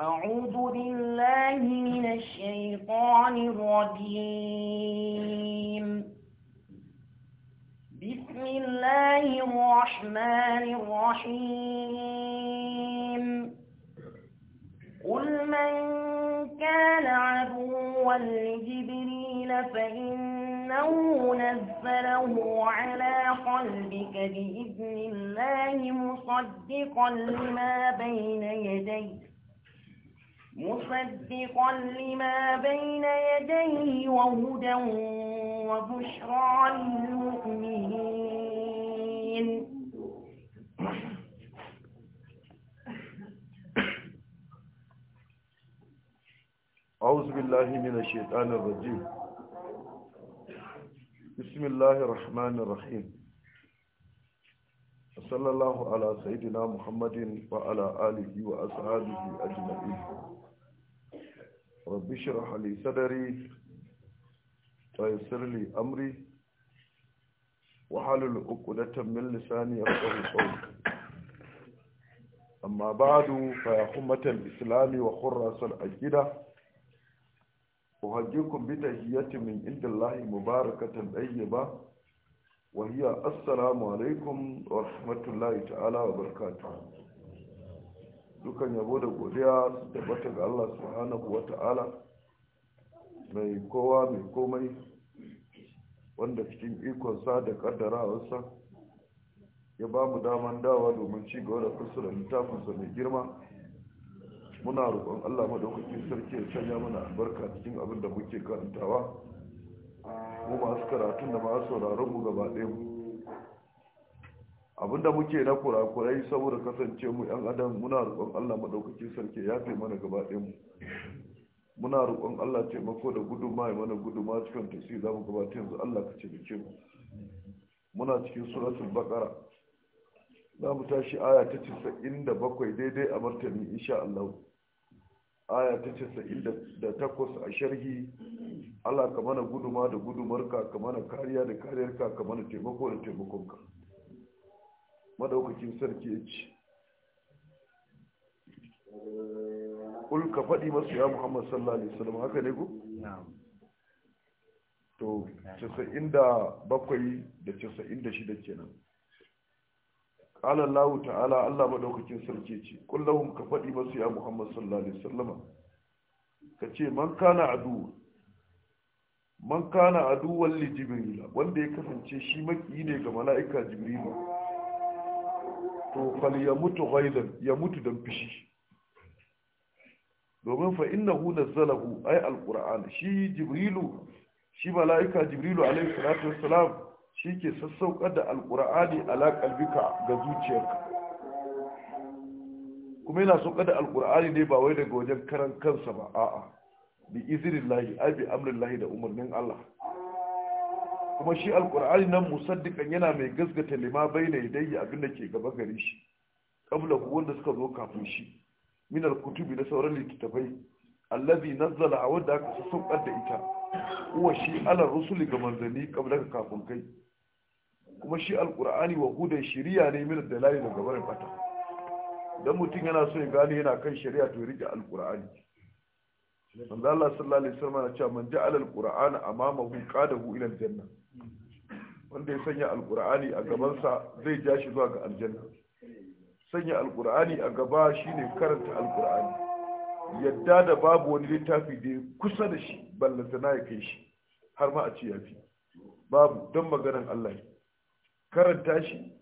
أعوذ بالله من الشيطان الرجيم بسم الله الرحمن الرحيم قل من كان عدوا لجبريل فإنه نزله على قلبك بإذن الله مصدقا لما بين يديه مصدقا لما بين يديه وهدى وبشرى للمؤمنين أعوذ بالله من الشيطان الرجيم بسم الله الرحمن الرحيم صلى الله على سيدنا محمد وعلى آله وأصحابه أجمعين rabbi shirah li sadari wa yassir li amri wa halul uqdatan min lisani yafqahu qawli amma ba'du fa ya ummatal islami wa khurrasal aqidah uhajjukum bi tahiyyatin min indillahi mubarakatan tayyibah wa hiya assalamu alaikum wa rahmatullahi ta'ala wa barakatuh dukan yabo da godiya su tabbata ga Allah subhanahu wa ta'ala mai kowa mai komai wanda cikin ikon sa da kaddarawarsa ya ba mu daman dawa domin ci gaba da kusa da littafinsa mai girma muna roƙon Allah madaukakin sarki ya canza mana albarka cikin abin da muke karantawa mu masu karatun da masu sauraron mu gaba ɗaya mu abinda muke na kurakurai saboda kasance mu yan adam muna roƙon Allah madaukaki sarki ya fi mana gaba ɗayan mu muna roƙon Allah taimako da guduma ya mana guduma cikin tafsir mu gabata yanzu Allah ka bikin mu muna cikin suratul baqara za mu tashi aya ta 97 daidai a martani insha Allah aya ta 98 a sharhi Allah ka mana guduma da gudumarka ka mana kariya da kariyarka ka mana taimako da taimakonka madaukakin sarki ya ce kul ka faɗi masu ya muhammad sallallahu alaihi wasallam haka ne ku? to 97 da 96 kenan qala allah ta'ala allah madaukakin sarki ce kul lahum ka faɗi masu ya muhammad sallallahu alaihi wasallam ka ce man kana adu man kana adu li jibril wanda ya kasance shi maki ne ga mala'ika jibril to fal ya mutu ghaidan ya dan fishi domin fa innahu nazzalahu ay alquran shi jibrilu shi malaika jibrilu alayhi salatu wassalam shi ke sassaukar da alqurani ala kalbika ga zuciyarka kuma yana saukar da alqurani ne ba wai daga wajen karan kansa ba a'a bi izinillahi ay bi amrillahi da umarnin Allah kuma shi alkur'ani nan musaddiqan yana mai gasgata lima bayna yadayhi abin da ke gaba gare shi qabla wanda suka zo kafin shi min alkutubi da sauran littattafai allazi nazzala a wanda aka saukar da ita kuma shi ala rusuli ga manzanni qabla ka kafin kai kuma shi alkur'ani wa hudan shari'a ne min dalali daga barin fata dan mutum yana so ya gane yana kan shari'a to rike alkur'ani manzo Allah sallallahu alaihi wasallam ya ce man ja'ala alqur'ana amamahu qadahu ila aljanna wanda ya sanya alkur'ani a gabansa zai ja shi zuwa ga aljanna sanya alkur'ani a gaba shine karanta alkur'ani yadda da babu wani littafi da ya kusa da shi na ya kai shi har ma a ci yafi babu don maganan Allah karanta shi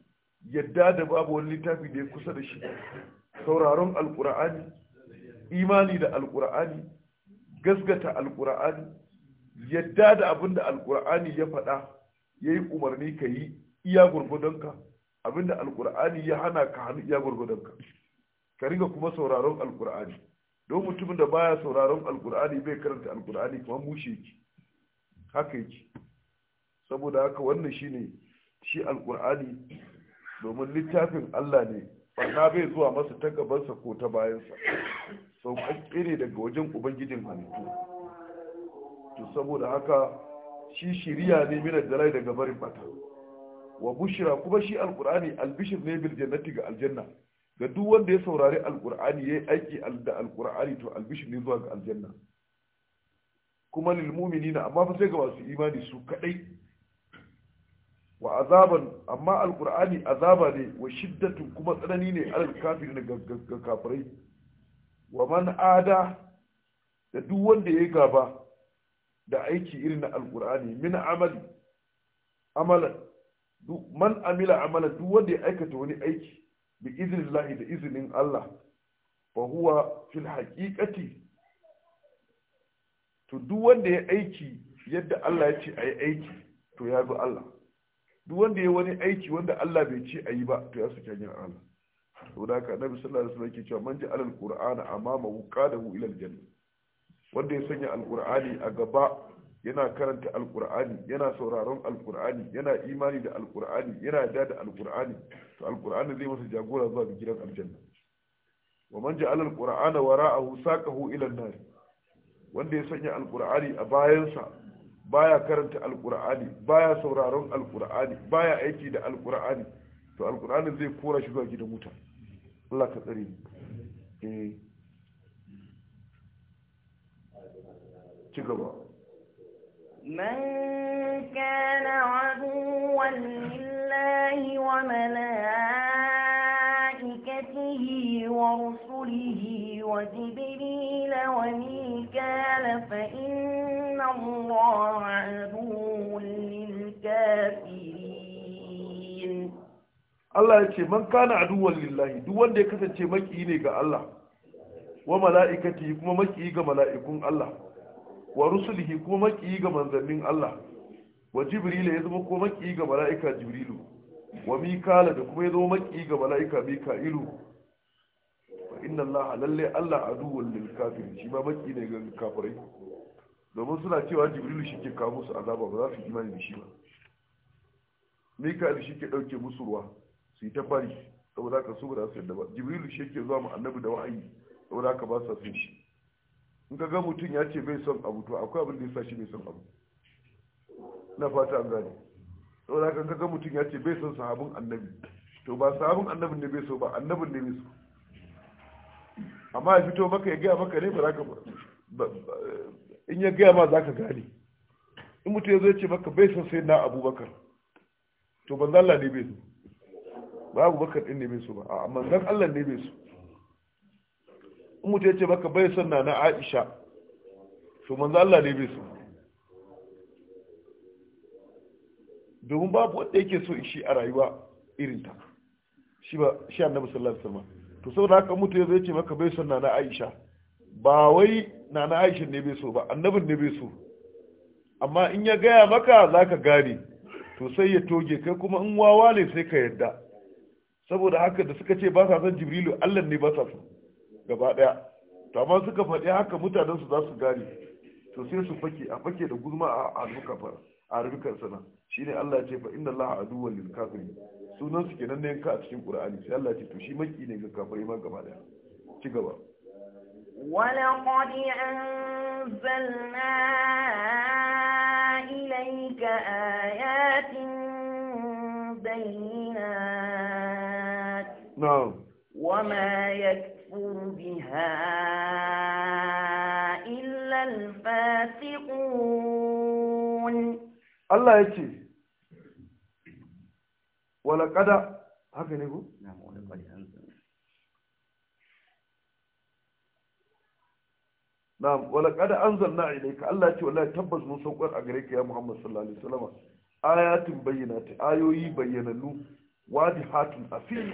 yadda da babu wani littafi da ya kusa da shi sauraron alkur'ani imani da alkur'ani gasgata alkur'ani yadda da abin da alkur'ani ya faɗa ya yi umarni ka yi iya gurgudanka abin da alkur'ani ya hana ka hannu iya gurgudanka ka riga kuma sauraron alkur'ani don mutumin da baya sauraron alkur'ani bai karanta alkur'ani kuma mushe ki haka yake saboda haka wannan shine shi alkur'ani domin littafin Allah ne barna bai zuwa masa ta gabansa ko ta bayansa sauƙaƙƙe ne daga wajen ubangijin halittu to saboda haka shi shiriya ne mina dalai daga barin bata wa bushira kuma shi alqur'ani albishir ne bil jannati ga aljanna ga duk wanda ya saurari alqur'ani yayi aiki da alqur'ani to albishir ne zuwa ga aljanna kuma lil mu'minina amma fa sai ga masu imani su kadai wa azaban amma alqur'ani azaba ne wa shiddatu kuma tsanani ne alal kafirin ga kafirai wa man ada da duk wanda ya gaba da aiki irin na alkur'ani min amali amalan man amila amalan duk wanda ya aikata wani aiki bi lahi da izinin Allah fa huwa fil haqiqati to duk wanda ya aiki yadda Allah ya ce ayi aiki to ya bi Allah duk wanda ya wani aiki wanda Allah bai ce ayi ba to ya suke hanyar Allah saboda haka annabi sallallahu alaihi wasallam yake cewa man ja'ala al-qur'ana amama wuqadahu ila al-jannah wanda ya sanya alkur'ani a gaba yana karanta alkur'ani yana sauraron alkur'ani yana imani da alkur'ani yana yarda da alkur'ani to alkur'ani zai masa jagora zuwa gidan aljanna wa man ja'ala alqur'ana wara'ahu saqahu ila an-nar wanda ya sanya alkur'ani a bayansa baya karanta alkur'ani baya sauraron alkur'ani baya aiki da alkur'ani to alkur'ani zai kora shi zuwa gidan wuta Allah ka tsare eh ci na man kana lillahi wa malaikatihi wa rusulihi wa jibril wa mikal fa inna allaha aduwwun lil kafirin Allah ya ce man kana aduwan lillahi duk wanda ya kasance maki ne ga Allah wa mala'ikati kuma maki ga mala'ikun Allah wa rusulihi ko maki ga manzannin Allah wa jibril ya zama ko maki ga mala'ika jibrilu wa mikala da kuma ya zama maki ga mala'ika mika'ilu wa inna Allah lalle Allah aduwwul lil kafirin shi ma maki ne ga kafirai domin suna cewa jibrilu shi ke kawo musu azaba ba za su imani da shi ba mika'il shi ke dauke musu ruwa su yi ta Fari saboda ka su ba za su yadda ba jibrilu shi ke zuwa mu annabi da wa'ayi saboda ka ba su son shi in ka ga mutum ya ce bai son abu to akwai abin da ya sashi bai son abu na fata an gane da kan kaga mutum ya ce bai son sahabin annabi to ba sahabin annabin ne bai so ba annabin ne bai so amma ya fito maka ya gaya maka ne ba za ka in ya gaya ma za ka gane in mutum ya zo ya ce maka bai son sai na abubakar to banzan Allah ne bai so ba abubakar din ne bai so ba a manzan Allah ne bai so in ya ce maka bai son na na aisha to manzo Allah ne bai so domin babu wanda yake so shi a rayuwa irin ta shi ba shi annabi sallallahu alaihi wasallam to saboda haka mutu ya ce maka bai son na na aisha ba wai na na aisha ne bai so ba annabin ne bai so amma in ya gaya maka za ka gane to sai ya toge kai kuma in wawa ne sai ka yarda saboda haka da suka ce ba sa son jibrilu Allah ne ba sa so gaba daya to amma suka faɗi haka mutanen su za su gane to sai su fake a fake da gulma a harbi fa a rubukan sana shine Allah ya ce fa inna Allah aduwwal lil kafirin sunan su kenan ne ka a cikin Qur'ani sai Allah ya ce to shi maki ne ga kafirai ma gaba daya ci gaba ولقد أنزلنا إليك آيات بينات نعم وما يكفي يكفر بها إلا الفاسقون الله يتي ولقد هكذا نقول نعم ولقد أنزلنا na'am wala kada anzalna ilayka Allah ce wallahi tabbas mun saukar a gare ka ya Muhammad sallallahu alaihi wasallam ayatin bayyinati ayoyi bayyananu wadihatun afil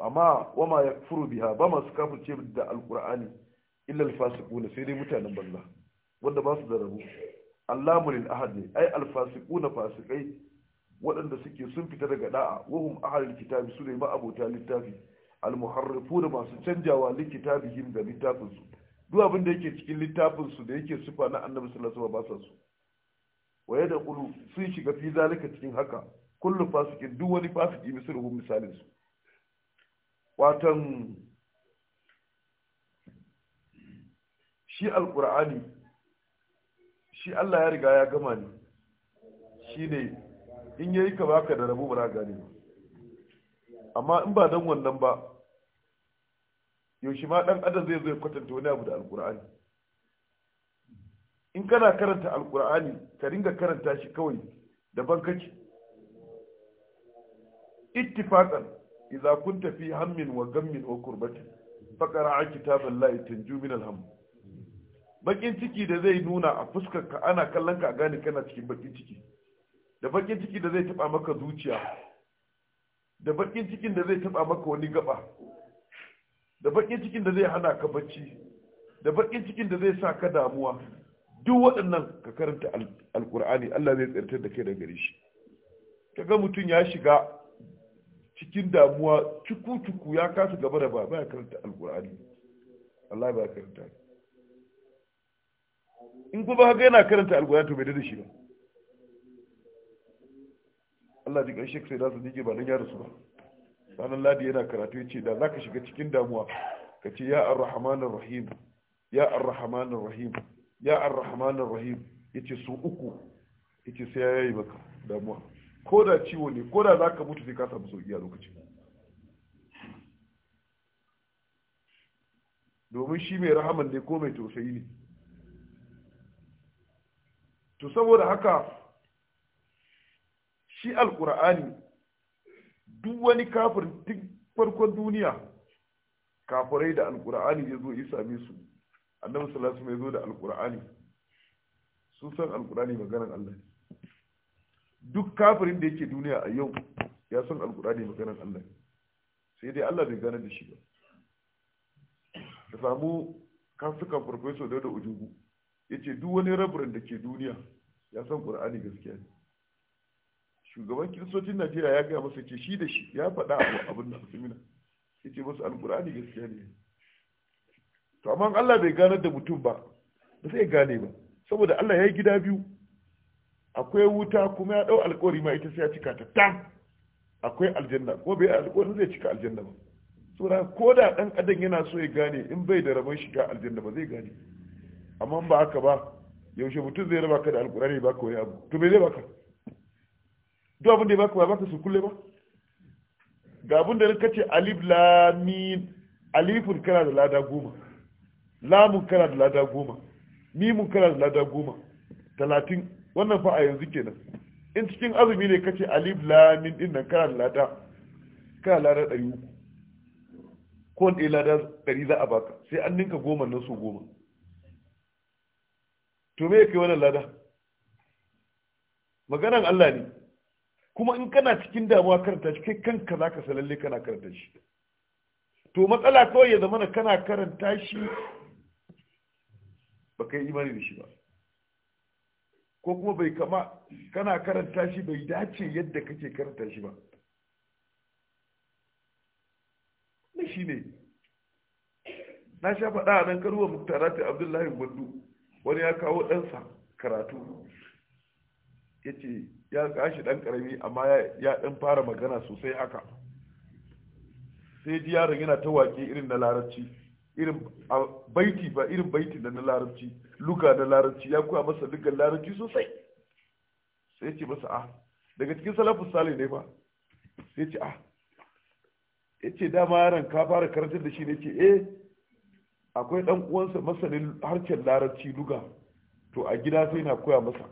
amma wama ya furu biha ba masu kafirce da alkur'ani illa alfasiqun sai dai mutanen banza wanda ba su da rabu allamul ahad ne ai alfasiqun fasikai waɗanda suke sun fita daga da'a wahum ahlul kitabi su ne ma abota littafi da masu canjawa likitabihim da littafin su duk abin da yake cikin littafin su da yake sufa na annabi sallallahu alaihi wasallam ba su waye da kulu sun shiga fi zalika cikin haka kullu fasikin duk wani fasiki misruhum misalin su watan shi alkur'ani shi Allah ya riga ya gama ni shi ne in yayi ka baka da rabu bara gane ba amma in ba dan wannan ba yaushe ma dan adam zai zo ya kwatanta wani abu da alkur'ani in kana karanta alkur'ani ka ringa karanta shi kawai daban kake ittifaqan idza kunta fi hammin wa gammin wa kurbatin faqara kitaballahi tanju min alham bakin ciki da zai nuna a fuskar ka ana kallon ka gane kana cikin bakin ciki da bakin ciki da zai taba maka zuciya da bakin cikin da zai taba maka wani gaba da bakin cikin da zai hana ka bacci da bakin cikin da zai sa ka damuwa duk waɗannan ka karanta alkur'ani Allah zai tsirtar da kai daga gare shi kaga mutum ya shiga cikin damuwa cuku-cuku ya kasa gaba da ba ba ya karanta alkur'ani Allah ba karanta in kuma haka yana karanta alkur'ani to bai da shi ba Allah ji ƙarshe sai da su jike ba don ya rasu ba ranar ladi yana karatu ya ce da za ka shiga cikin damuwa ka ce ya arrahman rahim ya arrahman rahim ya arrahman rahim ya ce su uku ya ce sai ya yi maka damuwa ko da ciwo ne ko da za ka mutu sai ka samu sauki a lokacin domin shi mai rahaman ne ko mai tausayi ne to saboda haka shi alkur'ani duk wani kafir duk farkon duniya kafirai da alkur'ani ya zo ya same su annabi sallallahu alaihi wasallam ya zo da alkur'ani sun san alkur'ani maganar Allah duk kafirin da yake duniya a yau ya san alkur'ani maganar Allah sai dai Allah bai gane da shi ba ka samu kafirkan farfesa da da ujugu ya ce duk wani rabirin da ke duniya ya san ƙur'ani gaskiya ne shugaban kiristocin najeriya ya gaya masa ce shi da shi ya faɗa abin da su mina ya ce masu alƙur'ani gaskiya ne to amma Allah bai gane da mutum ba ba sai gane ba saboda Allah ya yi gida biyu akwai wuta kuma ya dau alƙawari ma ita sai ya cika ta tam akwai aljanna ko bai alƙawarin zai cika aljanna ba saboda ko da dan adam yana so ya gane in bai da rabon shiga aljanna ba zai gane amma ba haka ba yaushe mutum zai raba ka da alƙurani ba ka wani abu to bai zai baka duk abin da ya baka ba baka su kulle ba ga abin da ka ce alif lamin alifun kana da lada goma lamun kana da lada goma mimun kana da lada goma talatin wannan fa a yanzu kenan in cikin azumi ne kace alif lam min din nan kana lada kana lada 300 ko ne lada 100 za a baka sai an ninka goma nan su goma to me kai wannan lada maganan Allah ne kuma in kana cikin damuwa karanta shi kai kanka zaka salalle kana karanta shi to matsala kawai ya zama kana karanta shi ba kai imani da shi ba ko kuma bai kama kana karanta shi bai dace yadda kake karanta shi ba na shi ne na sha faɗa a nan karuwa muktarati abdullahi gwandu wani ya kawo ɗansa karatu ya ce ya kashi ɗan ƙarami amma ya ɗan fara magana sosai haka sai ji yaron yana ta waƙe irin na larabci irin baiti ba irin baiti da na larabci luga na larabci ya koya masa lugan larabci sosai sai ce masa ah daga cikin salafus Sale ne ba sai ce ah ya ce dama yaran ka fara karantar da shi ne ce eh akwai dan uwansa masanin harshen larabci luga to a gida sai na koya masa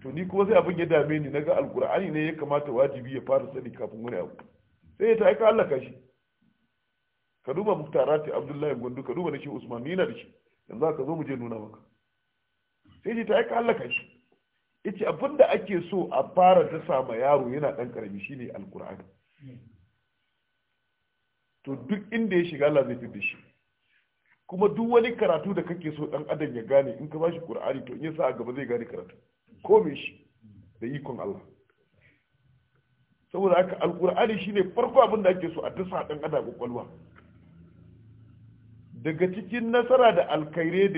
to ni kuma sai abin ya dame ni naga alkur'ani ne ya kamata wajibi ya fara sani kafin wani abu sai ya ta aika Allah ka shi ka duba muktarati abdullahi gundu ka duba nake usman ni na da shi yanzu ka zo mu je nuna maka sai ji ta aika ka shi yace abin da ake so a fara ta sama yaro yana dan karami shine alqur'ani to duk inda ya shiga Allah zai fitar shi kuma duk wani karatu da kake so dan adam ya gane in ka bashi qur'ani to in ya sa a gaba zai gane karatu ko me shi da ikon Allah saboda haka alqur'ani shine farko abin da ake so a dasa dan adam kwakwalwa daga cikin nasara da alkairai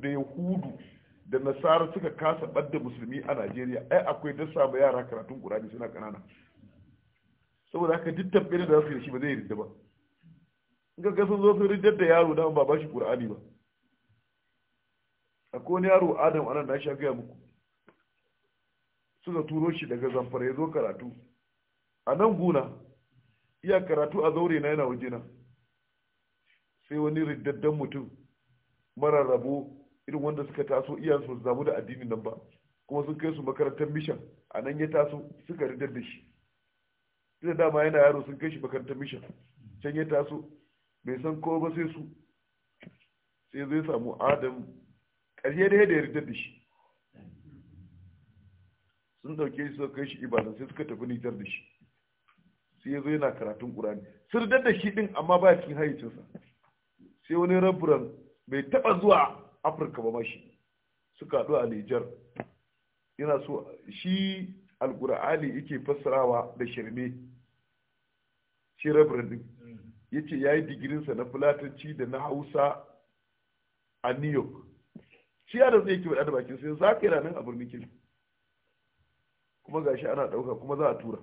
da yahudu da nasara suka kasa ɓadda musulmi a najeriya ai akwai don samu yara karatun ƙurani suna ƙanana saboda haka duk tambayar da za su yi shi ba zai rinda ba in ga sun zo su da yaro da ba ba shi ƙurani ba akwai wani yaro adam anan na sha gaya muku suka turo shi daga zamfara ya zo karatu a nan guna iya karatu a zaure na yana wajena sai wani riddaddan mutum mara rabo irin wanda suka taso iyansu su zamu da addinin nan ba kuma sun kai su makarantar mission a nan ya taso suka riddar da shi da dama yana yaro sun kai shi makarantar mission can ya taso bai san ko ba sai su sai zai samu adam ƙarshe da ya riddar da shi sun dauke shi suka kai shi ibadan sai suka tafi nijar da shi sai ya zo yana karatun ƙurani sun riddar da shi din amma ba cikin hayyacinsa sai wani rabran mai taba zuwa afirka ba mashi suka haɗu a nijar yana so shi alkur'ani yake fassarawa da shirme shi raburan din mm. ya ce ya yi digirinsa na fulatanci da na hausa a new york shi ya da zai yake da bakin sai za ka yi ranar a birnin kuma gashi ana ɗauka kuma za a tura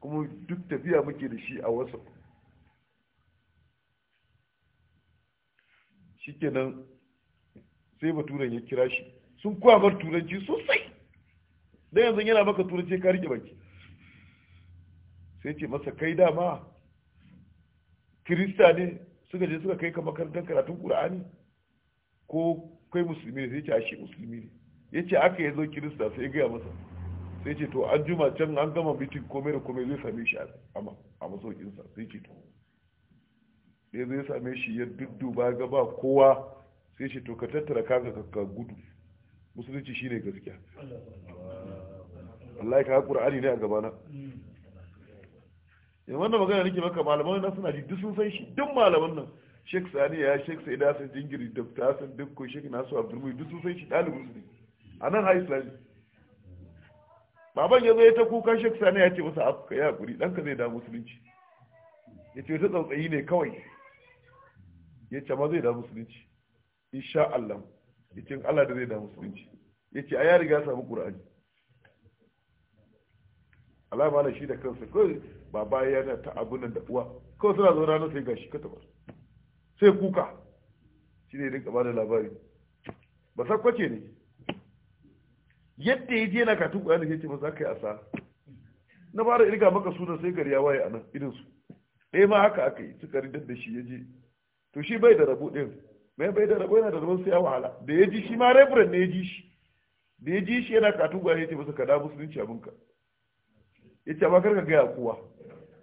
kuma duk tafiya muke da shi a wasu shikenan sai baturen ya kira shi sun kuwa bar turanci sosai dan yanzu yana maka turanci ka rike baki sai ce masa kai dama kirista ne suka je suka kai ka makarantar karatun qur'ani ko kai musulmi ne sai ce ashe musulmi ne yace aka zo kirista sai ya gaya masa sai ce to an juma can an gama mitin komai da komai zai same shi a masaukinsa sai ce to sai zai same shi ya dudduba ga ba kowa sai shi to ka tattara kaga ka gudu musulunci shi ne gaskiya Allah ka ƙur'ani ne a gabana yanzu wannan magana nake maka malaman nan suna ji duk sun san shi duk malaman nan Sheikh Sani ya Sheikh da san Jingiri Dr. Hassan ko Sheikh Nasu Abdulmuyi duk sun san shi dalibin su ne a nan High Island baban ya zo ya ta kuka Sheikh Sani ya ce masa ya hakuri dan ka zai da musulunci ya ce ta tsautsayi ne kawai ya ce ma zai da musulunci insha Allah cikin Allah da zai da musulunci ya ce a ya riga samu ƙura'ani. Alama ba shi da kansa kawai ba bayan yana ta abin da uwa kawai suna zaune ranar sai gashi ka tabar sai kuka shi ne rinka ba da labari ba sakwace ne yadda ya je na katun ƙwayar da ce ba za ka yi asa na fara irga maka suna sai gari ya waye a nan irinsu ɗaya eh ma haka aka yi suka ridar da shi ya je to shi bai da rabu din mai bai da rabu yana da rabon sai wahala da ya ji shi ma reverend ne ya ji shi da ya ji shi yana katun gwaye ce masa kada musulunci abinka ya ce ba karka gaya kowa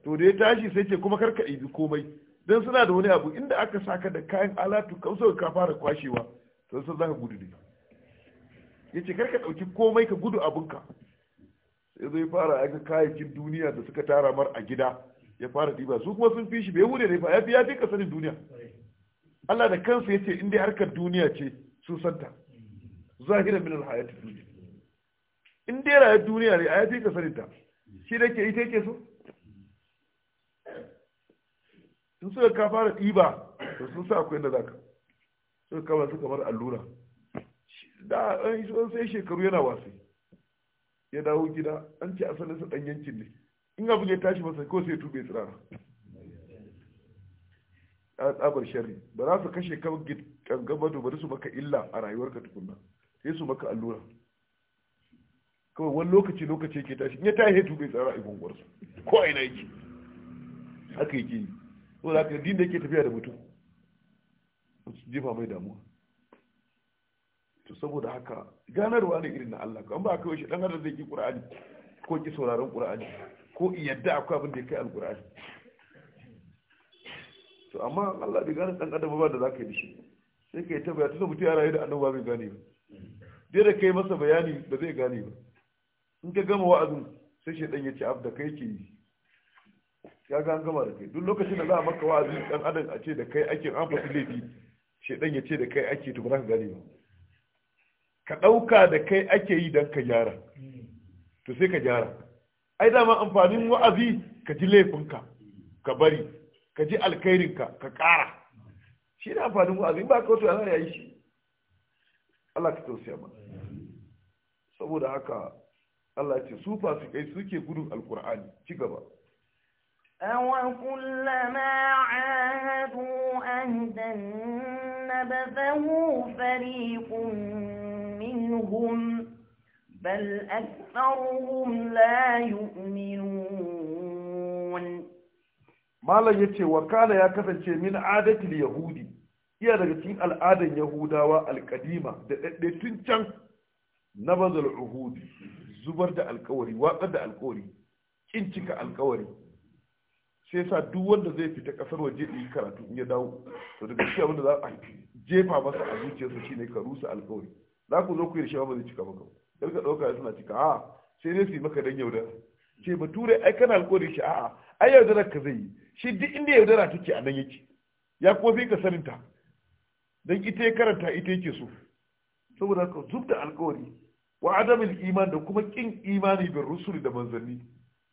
to da ya tashi sai ce kuma karka ibi komai don suna da wani abu inda aka saka da kayan alatu kamsa ka fara kwashewa to sai zaka gudu ne ya ce karka ɗauki komai ka gudu abinka sai zai fara aika kayayyakin duniya da suka tara mar a gida ya fara diba su kuma sun fi shi bai wure ne fa ya fi ya fi ka sanin duniya Allah da kansa ya ce in dai harkar duniya ce sun santa zahira min alhayat in dai rayuwar duniya ne a ayati ka saninta shi da ke ita yake so in suka ka fara ɗiba to sun sa akwai da zaka suka kama su kamar allura da an sai shekaru yana wasu ya dawo gida an ce asalin sa ɗan yankin ne in abin ya tashi masa ko sai tube tsirara tsabar sharri ba za su kashe kangabado ba su maka illa a rayuwarka tukunna sai su maka allura kawai wani lokaci lokaci ke tashi ya ta hetu bai tsara ibon gwarsu ko a ina yake haka yake yi so za ka din da yake tafiya da mutum su jefa mai damuwa to saboda haka ganarwa ne irin na Allah An ba kawai shi dan adam zai ki qur'ani ko ki sauraron qur'ani ko in yadda akwai abin da ya kai alqur'ani to amma Allah bai gane dan adam ba da zaka yi shi sai kai ta bayani tunda mutum ya rayu da annabawa bai gane ba dai da kai masa bayani ba zai gane ba in ka gama wa'azin sai shedan ya ce abda kai ke yi ya ga an gama da kai duk lokacin da za a maka wa'azin dan adam a ce da kai ake an faɗi laifi shedan ya ce da kai ake to ba za ka gane ba ka ɗauka da kai ake yi dan ka gyara to sai ka gyara ai dama amfanin wa'azi ka ji laifinka ka bari ka ji alkhairinka ka ƙara shi ne amfanin wa'azi ba ka wato ya yi shi Allah ka tausaya mana saboda haka Allah ce su fasikai suke gudun alkur'ani ci gaba أَوَكُلَّمَا عَاهَدُوا أَهْدًا نَبَذَهُ فَرِيقٌ مِّنْهُمْ بَلْ أَكْثَرُهُمْ لَا يُؤْمِنُونَ malam ya ce kana ya kasance min adatil yahudi iya daga cikin al'adan yahudawa alkadima da ɗaɗɗe tun can na bazal uhudi zubar da alkawari watsar da alkawari kin cika alkawari sai sa duk wanda zai fita kasar waje da yi karatu in ya dawo to daga shi abinda za a jefa masa a zuciyarsa shine ka rusa alkawari za ku zo ku yi ba zai cika maka kar ka ɗauka suna cika a sai dai su yi maka dan yaudara ce bature ai kana alkawari shi a'a ai yaudarar ka zai yi shi duk inda yaudara take a nan yake ya kuma fi ka saninta don ita ya karanta ita yake so saboda haka zub da alkawari wa adamin iman da kuma kin imani bin rusuli da manzanni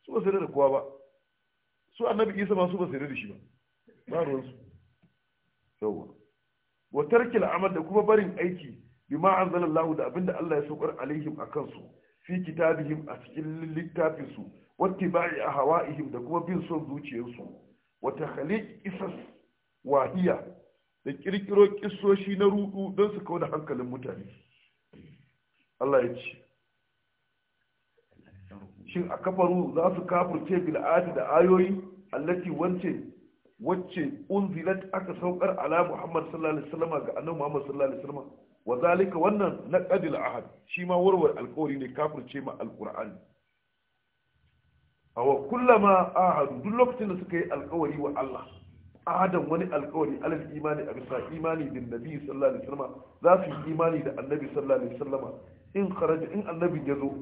su ba sai da kowa ba su annabi isa ma su ba sai da shi ba ba ruwansu yawwa wa tarkil amal da kuma barin aiki bima anzalallahu da abinda Allah ya saukar alaihim akan su fi kitabihim a cikin littafin su wattiba'i ahwa'ihim da kuma bin son zuciyarsu wata khaliq isas wahiya da kirkiro kisoshi na rudu don su kawo da hankalin mutane Allah ya ce shin a kafaru za su kafurce bil'adi da ayoyi allati wance wacce unzilat aka saukar ala muhammad sallallahu alaihi wasallam ga annabi muhammad sallallahu alaihi wasallam wa zalika wannan naqadil ahad shi ma warwar alƙawari ne kafurce ma alqur'ani awa kullama ahadu duk lokacin da suka yi alkawari wa Allah ahadan wani alkawari alal imani a bisa imani bin nabi sallallahu alaihi wasallam za su yi imani da annabi sallallahu alaihi wasallam in kharaja in annabi ya zo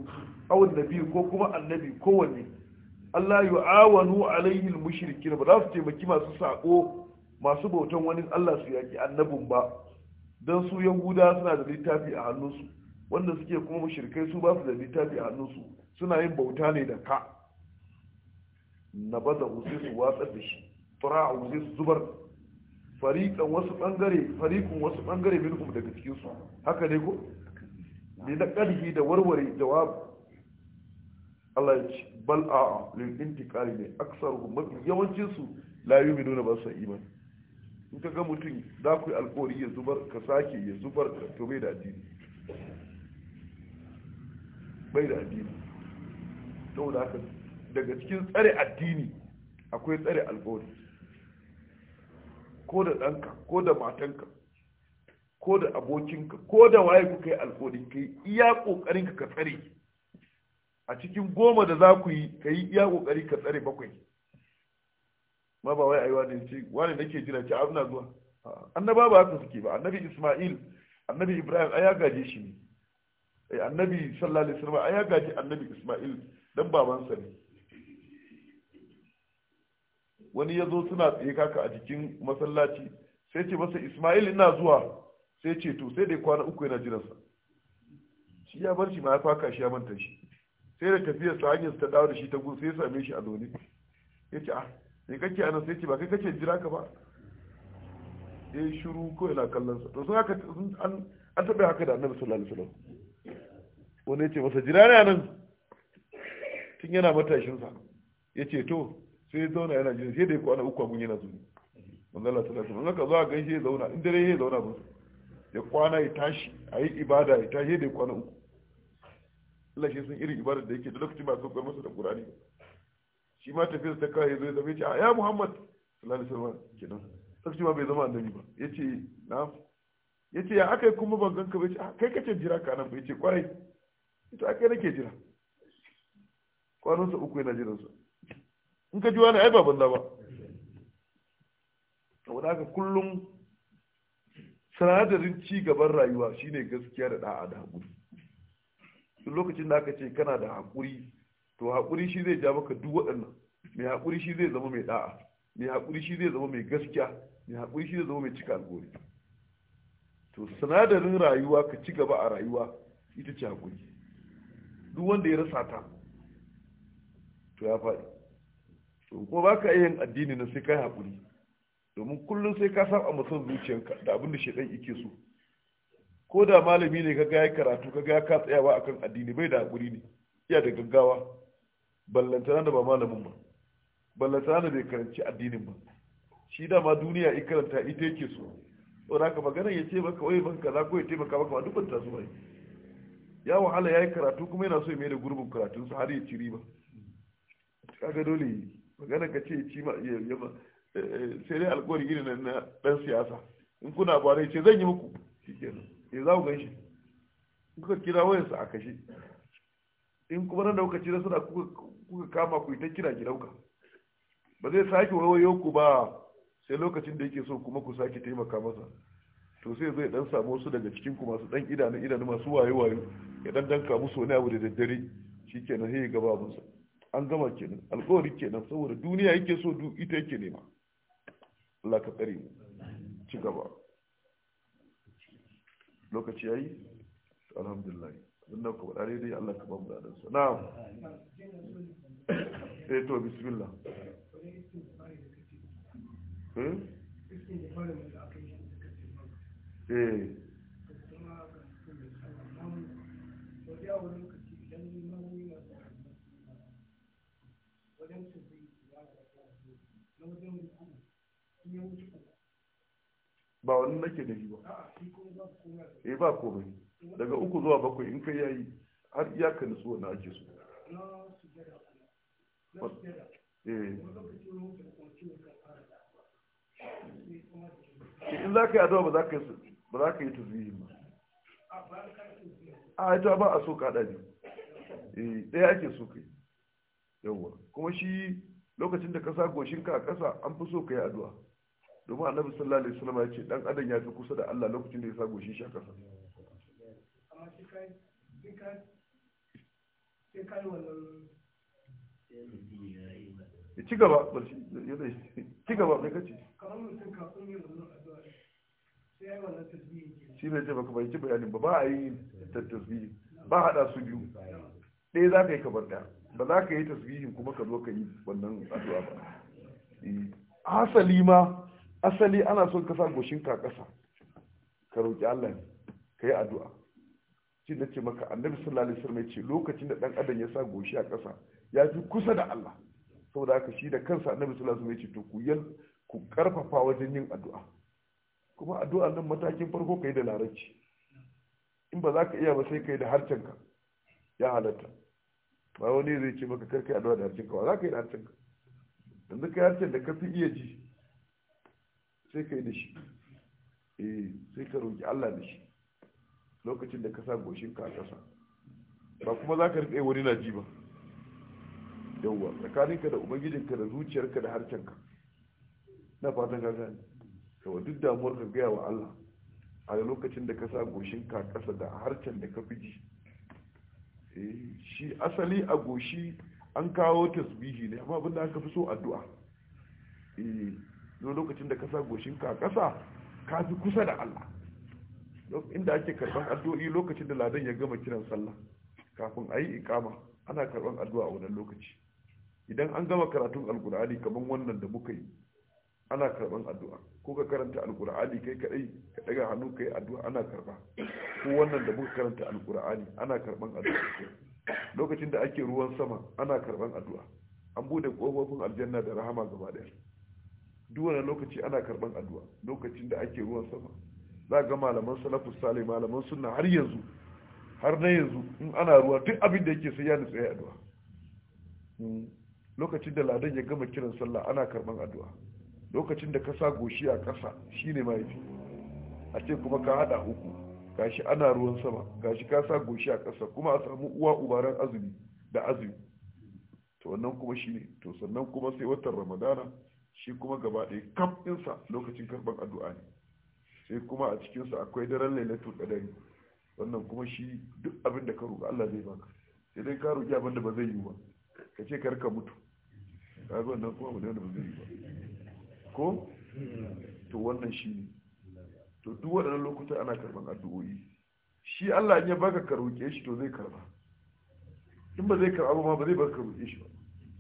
aw annabi ko kuma annabi ko wani Allah yu'awanu alaihi almushrikin ba za su taimaki masu sako masu bautan wani Allah su yaki annabin ba dan su yahuda suna da littafi a hannunsu wanda suke kuma mushrikai su ba su da littafi a hannunsu suna yin bauta ne da ka na baza sai su watsar da shi fara'u sai su zubar fariƙan wasu bangare fariƙun wasu min minkum daga su haka ne ko ne na ƙarfi da warware jawab Allah ya ci bal a lil intiqali ne aksar mafi yawancin su la yu'minuna ba su imani in ka ga mutum za ku yi ya zubar ka sake ya zubar to bai da addini bai da addini da haka daga cikin tsare addini akwai tsare alƙawari ko da ɗanka ko da matanka ko da abokinka ko da waye kuka yi alƙawari ka yi iya ƙoƙarin ka tsare a cikin goma da za ku yi ka yi iya ƙoƙari ka tsare bakwai ma ba wai aiwa ne ce wani nake jira ce na zuwa annaba ba haka suke ba annabi isma'il annabi ibrahim ai ya gaje shi ne eh, annabi sallallahu alaihi wasallam ai ya gaje annabi isma'il dan babansa ne wani ya zo suna tsaye kaka a jikin masallaci sai ce masa ismail ina zuwa sai ce to sai dai kwana uku yana jiransa shi ya bar shi ma ya faka shi ya manta shi sai da tafiyar sa hanyar ta dawo da shi ta gun sai ya same shi a zaune ya ce ah me kake anan sai ce ba kai kake jira ka ba ya yi shiru ko yana kallon sa to sun haka an an taɓa haka da annabi sallallahu alaihi wasallam wani ya ce masa jira ne anan tun yana matashin sa ya ce to sai zauna yana jini sai da kwana uku a gun yana zuni manzala ta lafi manzala ka zo a gaishe ya zauna in dare ya zauna ba ya kwana ya tashi a yi ibada ya tashi da ya kwana uku Allah shi sun irin ibada da yake da lokacin ba masa da Qur'ani shi ma tafiya ta kawai zo ya zama ya ya Muhammad sallallahu alaihi wasallam kenan ma bai zama annabi ba na ya kuma ban ganka ba kai kace jira ka nan ba kwarai ita nake jira uku yana in ka ji wani ai ba banza ba saboda haka kullum sinadarin ci gaban rayuwa shine gaskiya da da'a da haƙuri duk lokacin da aka ce kana da haƙuri to haƙuri shi zai ja maka duk waɗannan mai haƙuri shi zai zama mai da'a mai haƙuri shi zai zama mai gaskiya mai haƙuri shi zai zama mai cika alƙawari to sinadarin rayuwa ka ci gaba a rayuwa ita ce haƙuri duk wanda ya rasa ta to ya faɗi to kuma ba ka yin addini na sai ka haƙuri domin kullum sai ka saba mutum zuciyarka da abin da shaidan yake so ko da malami ne ka gaya karatu ka gaya ka tsayawa akan addini bai da haƙuri ne iya da gaggawa ballantana da ba malamin ba ballantana da bai karanci addinin ba shi dama duniya i karanta ita yake so da ka magana ya ce maka wai ban kaza ko ya taimaka maka ba dubban tasu bai ya wahala ya yi karatu kuma yana so ya mai da gurbin karatunsa har ya ci riba kaga dole yi magana ka ce ci ma eh, eh, sai dai alkawari gini na dan siyasa in kuna ba dai ce zan yi muku shikenan ya eh, za ku ganshi kuka kira wayarsa a kashe in kuma nan da kuka ci nasara kuka kama ku ta kira ki dauka ba zai sake wayoyo ku ba sai lokacin da yake so kuma ku sake taimaka masa to sai zai dan samu wasu daga cikin ku masu dan idanu idanu masu waye waye ya dan danka musu wani abu da daddare shikenan sai ya gaba musu. an gama kenan alkawari kenan saboda duniya yake so du ita yake nema Allah ka tsare ci gaba lokaci yayi alhamdulillah wannan ku dare dai Allah ka ba mu dadan sa na'am eh to bismillah eh eh ba wani nake da shi ba eh ba komai daga uku zuwa bakwai in kai yayi har iyaka nutsu na ake so eh. Eh, in za ka yi addu'a ba za ka yi tasbihi ba a ita ba a so kaɗa ne eh, ɗaya ake so kai yawwa kuma shi lokacin da ka sa goshinka a ƙasa an fi so ka yi addu'a domin annabi sallallahu alaihi wasallam ya ce dan adam ya fi kusa da Allah lokacin da ya sa goshin shi a ƙasa amma shi kai shi kai shi kai wannan ya ci gaba barci ya zai ci gaba mai kace kamar mutum kafin yin wannan addu'a sai ya yi wannan tasbihi shi ne ce baka bai ci bayanin ba ba a yi ba hada su biyu ɗaya za ka yi kamar ɗaya ba za ka yi tasbihin kuma ka zo ka yi wannan addu'a ba eh. asali ma asali ana son ka sa goshinka ƙasa ka roƙi Allah ka yi addu'a shi na ce maka annabi sallallahu alaihi wasallam ce lokacin da dan adam ya sa goshi a ƙasa ya fi kusa da Allah saboda haka shi da kansa annabi sallallahu alaihi wasallam ya ce to ku ku karfafa wajen yin addu'a kuma addu'a nan matakin farko kai da larabci in ba za ka iya ba sai kai da ka. ya halatta ba wani zai ce maka karki addu'a da harcin kawa za ka yi da harcin ka yanzu ka harcin da ka fi iya ji sai ka yi da shi eh sai ka roƙi Allah da shi lokacin da ka sa goshin ka a ƙasa ba kuma za ka riƙe wani na ji ba yawwa tsakaninka da ubangijinka da zuciyarka da harcen ka na fatan ka gani yawa duk damuwar ka gaya wa Allah a lokacin da ka sa goshin ka ƙasa da harshen da ka fi ji shi asali a goshi an kawo tasbihi ne amma abinda aka fi so addu'a eh don lokacin da kasa goshin ka kasa ka fi kusa da Allah inda ake karban addu'o'i lokacin da ladan ya gama kiran sallah kafin ayi ikama ana karban addu'a a wannan lokaci idan an gama karatun alkur'ani kamar wannan da muka yi ana karban addu'a ko ka karanta alkur'ani kai kadai ka daga hannu kai addu'a ana karba ko wannan da muka karanta alkur'ani ana karban addu'a lokacin da ake ruwan sama ana karban addu'a an bude kofofin aljanna da rahama gaba daya duk wannan lokaci ana karban addu'a lokacin da ake ruwan sama za ga malaman salafus salih malaman sunna har yanzu har na yanzu in ana ruwa duk abin da yake sai ya nutsa addu'a hmm. lokacin da ladan ya gama kiran sallah ana karban addu'a lokacin da ka sa goshi a ƙasa shine mahaifi a ce kuma ka haɗa uku gashi ana ruwan sama gashi ka sa goshi a ƙasa kuma a samu uwa ubaran azumi da azumi to wannan kuma shine to sannan kuma sai watan ramadana shi kuma gaba ɗaya kamfinsa lokacin karɓar addu'a ne sai kuma a cikinsa akwai daren lailatul qadari wannan kuma shi duk abin da ka roƙi Allah zai baka sai dai ka roƙi abin da ba zai yi ba ka ce karka mutu ka ga wannan kuma abin da ba zai yi ba ko to wannan shi ne to duk waɗannan lokuta ana karban addu'o'i shi Allah ya baka ka roƙe shi to zai karba in ba zai karɓa ma ba zai baka ka roƙe shi ba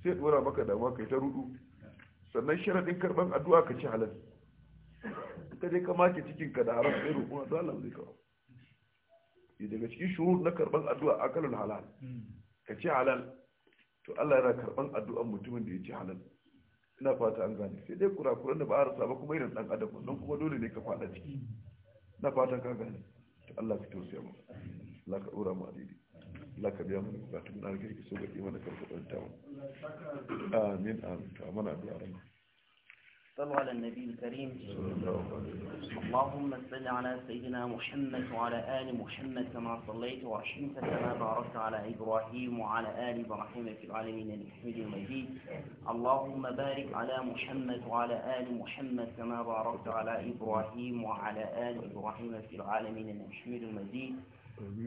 sai dora maka damuwa kai ta rudu sannan sharadin karɓan addu'a ka ci halal ka je ka make cikin ka da haram sai roƙon addu'a Allah zai karba daga cikin shuru na karɓan addu'a akalul halal ka ci halal to Allah yana karɓan addu'an mutumin da ya ci halal ina fata an gane sai dai kurakuran da ba a rasa ba kuma irin dan adam don kuma dole ne ka fada ciki ina fata ka gane to Allah ka tausaya mu Allah ka dora mu adidi Allah ka biya mu bukatun da kake so ga imani ka fadanta mu amin amin to amana da rana صلوا على النبي الكريم اللهم صل على سيدنا محمد وعلى آل محمد كما صليت وعشمت كما باركت على إبراهيم وعلى آل إبراهيم في العالمين الحمد المجيد اللهم بارك على محمد وعلى آل محمد كما باركت على إبراهيم وعلى آل إبراهيم في العالمين الحمد المجيد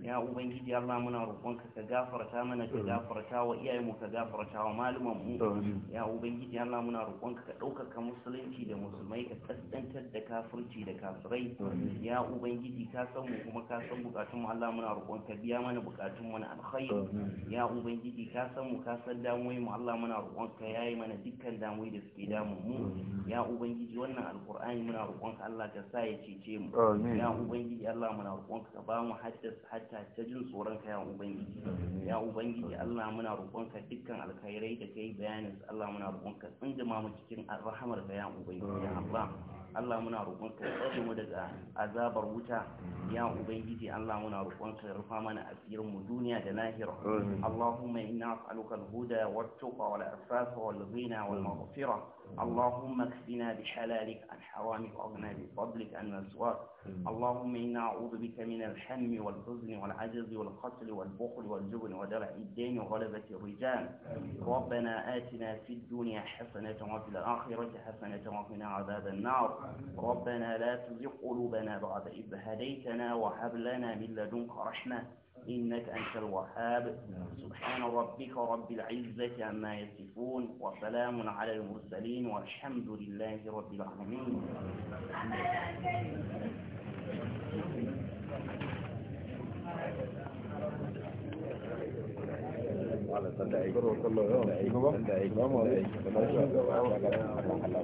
ya ubangiji Allah muna roƙonka ka Ka gafarta mana ka gafarta wa iyayenmu ka gafarta wa malaman mu ya ubangiji Allah muna roƙonka ka Ka ɗaukaka musulunci da musulmai ka kaskantar da kafirci da kafirai ya ubangiji ka san mu kuma ka san bukatun mu Allah muna ka. biya mana bukatun mu na alkhairi ya ubangiji ka san mu ka san damuwai mu Allah muna roƙonka yayi mana dukkan damuwai da suke damun mu ya ubangiji wannan alqur'ani muna ka. Allah ka sa ya cece mu ya ubangiji Allah muna roƙonka ka ba mu haddasa hatta ta jin tsoron ka ya ubangiji ya ubangiji Allah muna roƙonka dukkan alkhairai da kai bayanin Allah muna roƙonka tsindima mu cikin rahamar ka ya ubangiji Allah Allah muna roƙonka ya tsare mu daga azabar wuta ya ubangiji Allah muna roƙonka ya rufa mana asirin mu duniya da lahira Allahumma inna as'aluka al-huda wat-tuqa wal-afafa wal-ghina wal-maghfira Allahumma kfina bi halalik an haramik wa aghna bi fadlik an naswak Allahumma inna a'udhu bika min al-hamm wal-huzn wal-'ajz wal-qatl wal-bukhl wal-jubn wa dar'i ad-dayn wa ghalabati ar-rijal ربنا آتنا في الدنيا حسنة وفي الآخرة حسنة وقنا عذاب النار ربنا لا تزغ قلوبنا بعد إذ هديتنا وهب لنا من لدنك رحمة إنك أنت الوهاب سبحان ربك رب العزة عما يصفون وسلام على المرسلين والحمد لله رب العالمين صدق الله